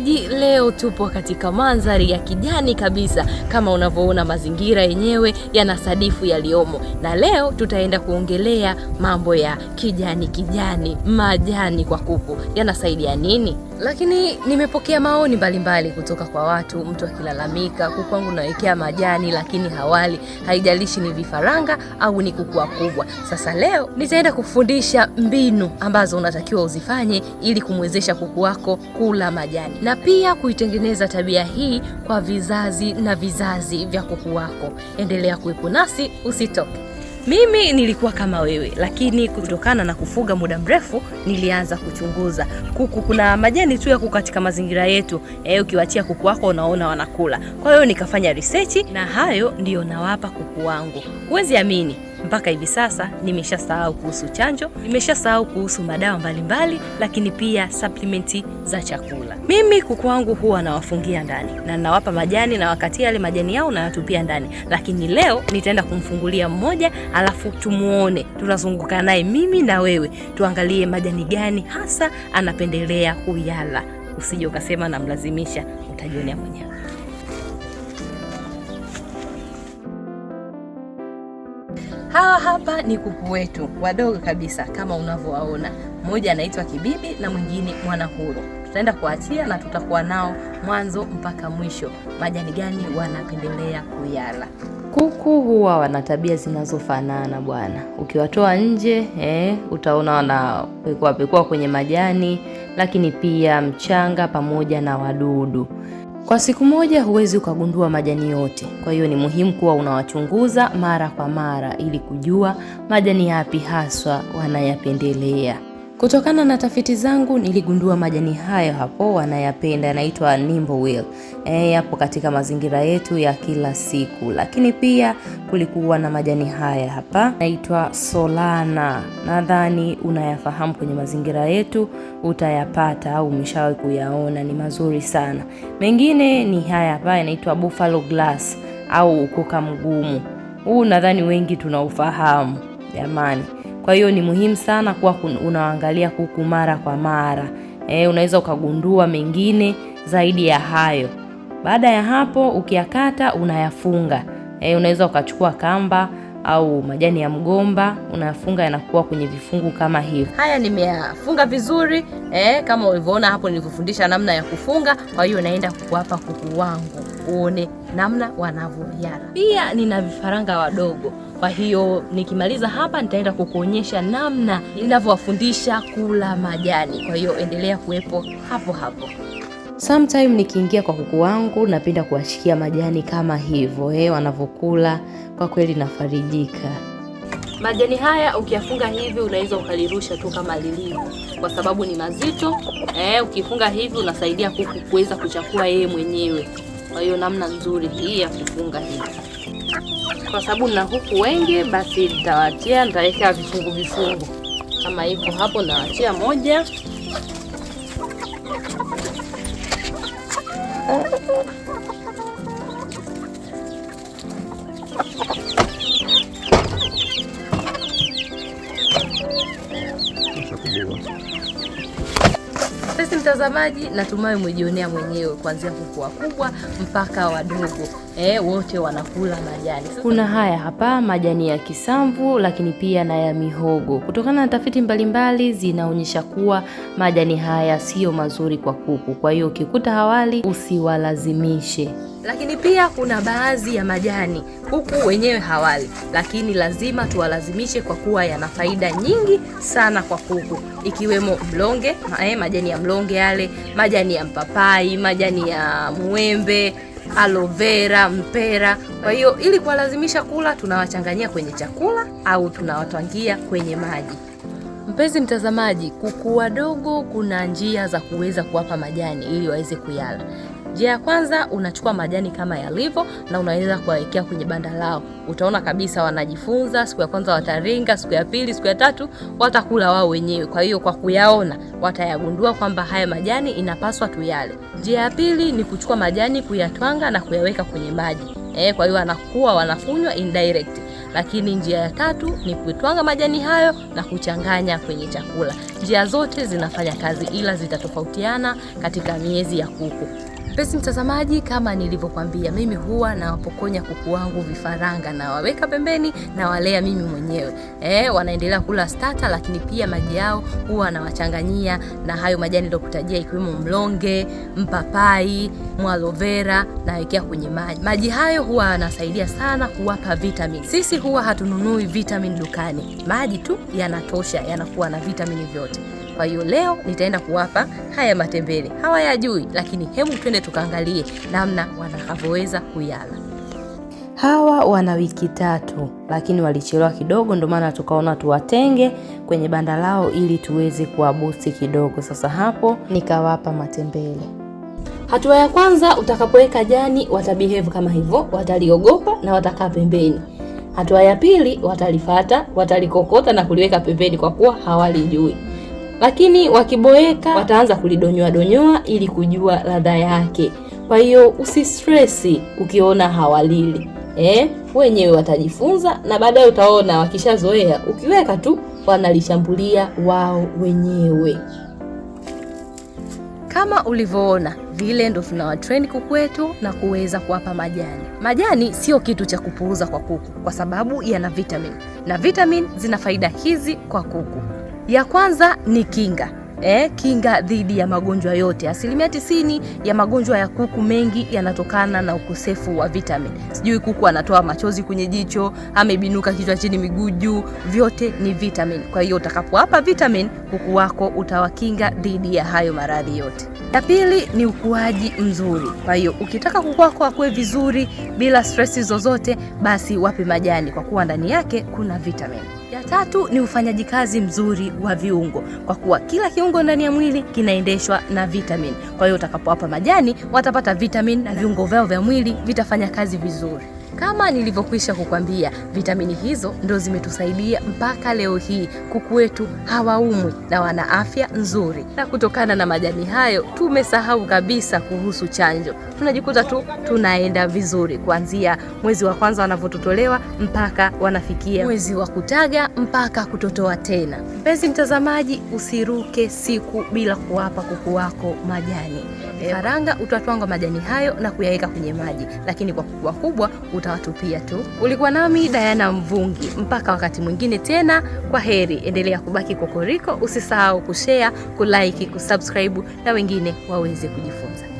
Mtazamaji, leo tupo katika mandhari ya kijani kabisa, kama unavyoona mazingira yenyewe yana sadifu yaliyomo, na leo tutaenda kuongelea mambo ya kijani kijani, majani kwa kuku yanasaidia nini? Lakini nimepokea maoni mbalimbali kutoka kwa watu, mtu akilalamika, kuku kwangu nawekea majani lakini hawali, haijalishi ni vifaranga au ni kuku wakubwa. Sasa leo nitaenda kufundisha mbinu ambazo unatakiwa uzifanye ili kumwezesha kuku wako kula majani na pia kuitengeneza tabia hii kwa vizazi na vizazi vya kuku wako. Endelea kuwepo nasi, usitoke. Mimi nilikuwa kama wewe, lakini kutokana na kufuga muda mrefu nilianza kuchunguza kuku. Kuna majani tu yako katika mazingira yetu, eh, ukiwachia kuku wako unaona wanakula. Kwa hiyo nikafanya research na hayo ndiyo nawapa kuku wangu. Huwezi amini, mpaka hivi sasa nimeshasahau kuhusu chanjo, nimeshasahau kuhusu madawa mbalimbali, lakini pia supplement za chakula. Mimi kuku wangu huwa nawafungia ndani na nawapa majani na wakati yale majani yao nayatupia ndani, lakini leo nitaenda kumfungulia mmoja, alafu tumuone, tunazunguka naye mimi na wewe, tuangalie majani gani hasa anapendelea kuyala. Usije ukasema namlazimisha, utajionea mwenyewe. Hawa ah, hapa ni kuku wetu wadogo kabisa kama unavyowaona, mmoja anaitwa Kibibi na mwingine mwana Huru. Tutaenda kuachia na tutakuwa nao mwanzo mpaka mwisho, majani gani wanapendelea kuyala. Kuku huwa wana tabia zinazofanana bwana, ukiwatoa nje eh, utaona wanapekuapekua kwenye majani, lakini pia mchanga pamoja na wadudu. Kwa siku moja huwezi ukagundua majani yote, kwa hiyo ni muhimu kuwa unawachunguza mara kwa mara ili kujua majani yapi haswa wanayapendelea. Kutokana na tafiti zangu niligundua majani hayo hapo wanayapenda, yanaitwa Nimbleweed. E, yapo katika mazingira yetu ya kila siku, lakini pia kulikuwa na majani haya hapa naitwa Solana, nadhani unayafahamu. Kwenye mazingira yetu utayapata au umeshawahi kuyaona, ni mazuri sana. Mengine ni haya hapa yanaitwa Buffalo Grass au ukoka mgumu. Huu nadhani wengi tunaufahamu jamani. Kwa hiyo ni muhimu sana kuwa unaangalia kuku mara kwa mara. E, unaweza ukagundua mengine zaidi ya hayo. Baada ya hapo ukiyakata unayafunga. E, unaweza ukachukua kamba au majani ya mgomba unayafunga, yanakuwa kwenye vifungu kama hivi. Haya nimeyafunga vizuri eh, kama ulivyoona hapo nilivyofundisha namna ya kufunga. Kwa hiyo naenda kuwapa kuku wangu uone namna wanavyoyala. Pia nina vifaranga wadogo, kwa hiyo nikimaliza hapa nitaenda kukuonyesha namna ninavyowafundisha kula majani. Kwa hiyo endelea kuwepo hapo hapo. Sometime nikiingia kwa kuku wangu napenda kuwashikia majani kama hivyo eh, wanavyokula kwa kweli nafarijika. Majani haya ukiyafunga hivi unaweza ukalirusha tu kama lilivyo, kwa sababu ni mazito eh. Ukifunga hivi unasaidia kuku kuweza kuchakua yeye mwenyewe. Kwa hiyo namna nzuri hii ya kufunga hivi, kwa sababu na huku wengi, basi nitawatia nitaweka vifungu vifungu kama hivyo hapo, nawatia moja mtazamaji, natumai umejionea mwenyewe kuanzia kuku wakubwa mpaka wadogo e, wote wanakula majani. Kuna haya hapa majani ya kisamvu, lakini pia na ya mihogo. Kutokana na tafiti mbalimbali zinaonyesha kuwa majani haya siyo mazuri kwa kuku, kwa hiyo ukikuta hawali usiwalazimishe. Lakini pia kuna baadhi ya majani kuku wenyewe hawali, lakini lazima tuwalazimishe kwa kuwa yana faida nyingi sana kwa kuku, ikiwemo mlonge eh, majani ya mlonge yale, majani ya mpapai, majani ya mwembe aloe vera, mpera. Kwa hiyo ili kuwalazimisha kula, tunawachanganyia kwenye chakula au tunawatwangia kwenye maji. Mpenzi mtazamaji, kuku wadogo kuna njia za kuweza kuwapa majani ili waweze kuyala. Njia ya kwanza unachukua majani kama yalivyo na unaweza kuwawekea kwenye banda lao. Utaona kabisa wanajifunza, siku ya kwanza wataringa, siku ya pili, siku ya tatu watakula wao wenyewe. Kwa hiyo kwa kuyaona watayagundua kwamba haya majani inapaswa tuyale. Njia ya pili ni kuchukua majani kuyatwanga na kuyaweka kwenye maji. Eh, kwa hiyo wanakuwa wanafunywa indirect. Lakini njia ya tatu ni kutwanga majani hayo na kuchanganya kwenye chakula. Njia zote zinafanya kazi ila zitatofautiana katika miezi ya kuku. Mpenzi mtazamaji, kama nilivyokwambia, mimi huwa nawapokonya kuku wangu vifaranga, nawaweka pembeni na walea mimi mwenyewe eh, wanaendelea kula starter, lakini pia maji yao huwa nawachanganyia na hayo majani nilokutajia, ikiwemo mlonge, mpapai, mwalovera, nawekea kwenye maji. Maji hayo huwa yanasaidia sana kuwapa vitamin. Sisi huwa hatununui vitamin dukani, maji tu yanatosha, yanakuwa na vitamini vyote. Kwa hiyo leo nitaenda kuwapa haya matembele, hawayajui, lakini hebu twende tukaangalie namna watakavyoweza kuyala. Hawa wana wiki tatu, lakini walichelewa kidogo, ndio maana tukaona tuwatenge kwenye banda lao ili tuweze kuwabusti kidogo. Sasa hapo nikawapa matembele. Hatua ya kwanza, utakapoweka jani watabehave kama hivyo, wataliogopa na watakaa pembeni. Hatua ya pili, watalifata, watalikokota na kuliweka pembeni, kwa kuwa hawalijui lakini wakiboeka wataanza kulidonyoa donyoa ili kujua ladha yake. Kwa hiyo usistresi ukiona hawalili eh, wenyewe watajifunza na baadaye utaona wakishazoea, ukiweka tu wanalishambulia wao wenyewe. Kama ulivyoona vile ndo tunawatreni kuku wetu na kuweza kuwapa majani. Majani sio kitu cha kupuuza kwa kuku, kwa sababu yana vitamini na vitamini zina faida hizi kwa kuku. Ya kwanza ni kinga eh, kinga dhidi ya magonjwa yote. Asilimia tisini ya magonjwa ya kuku mengi yanatokana na ukosefu wa vitamin. Sijui kuku anatoa machozi kwenye jicho, amebinuka kichwa chini, miguu juu, vyote ni vitamin. Kwa hiyo utakapowapa vitamin kuku wako utawakinga dhidi ya hayo maradhi yote. ya pili ni ukuaji mzuri. Kwa hiyo ukitaka kuku wako akue vizuri bila stresi zozote, basi wape majani, kwa kuwa ndani yake kuna vitamin. Ya tatu ni ufanyaji kazi mzuri wa viungo, kwa kuwa kila kiungo ndani ya mwili kinaendeshwa na vitamini. Kwa hiyo utakapowapa majani watapata vitamini na viungo vyao vya mwili vitafanya kazi vizuri. Kama nilivyokwisha kukwambia, vitamini hizo ndo zimetusaidia mpaka leo hii kuku wetu hawaumwi na wana afya nzuri. Na kutokana na majani hayo, tumesahau kabisa kuhusu chanjo. Tunajikuta tu tunaenda vizuri kuanzia mwezi wa kwanza wanavyototolewa mpaka wanafikia mwezi wa kutaga mpaka kutotoa tena. Mpenzi mtazamaji, usiruke siku bila kuwapa kuku wako majani karanga, utatwanga majani hayo na kuyaweka kwenye maji, lakini kwa kukua kubwa utawatupia tu. Ulikuwa nami Diana Mvungi, mpaka wakati mwingine tena, kwa heri. Endelea kubaki Kokoriko, usisahau kushare, kulike, kusubscribe na wengine waweze kujifunza.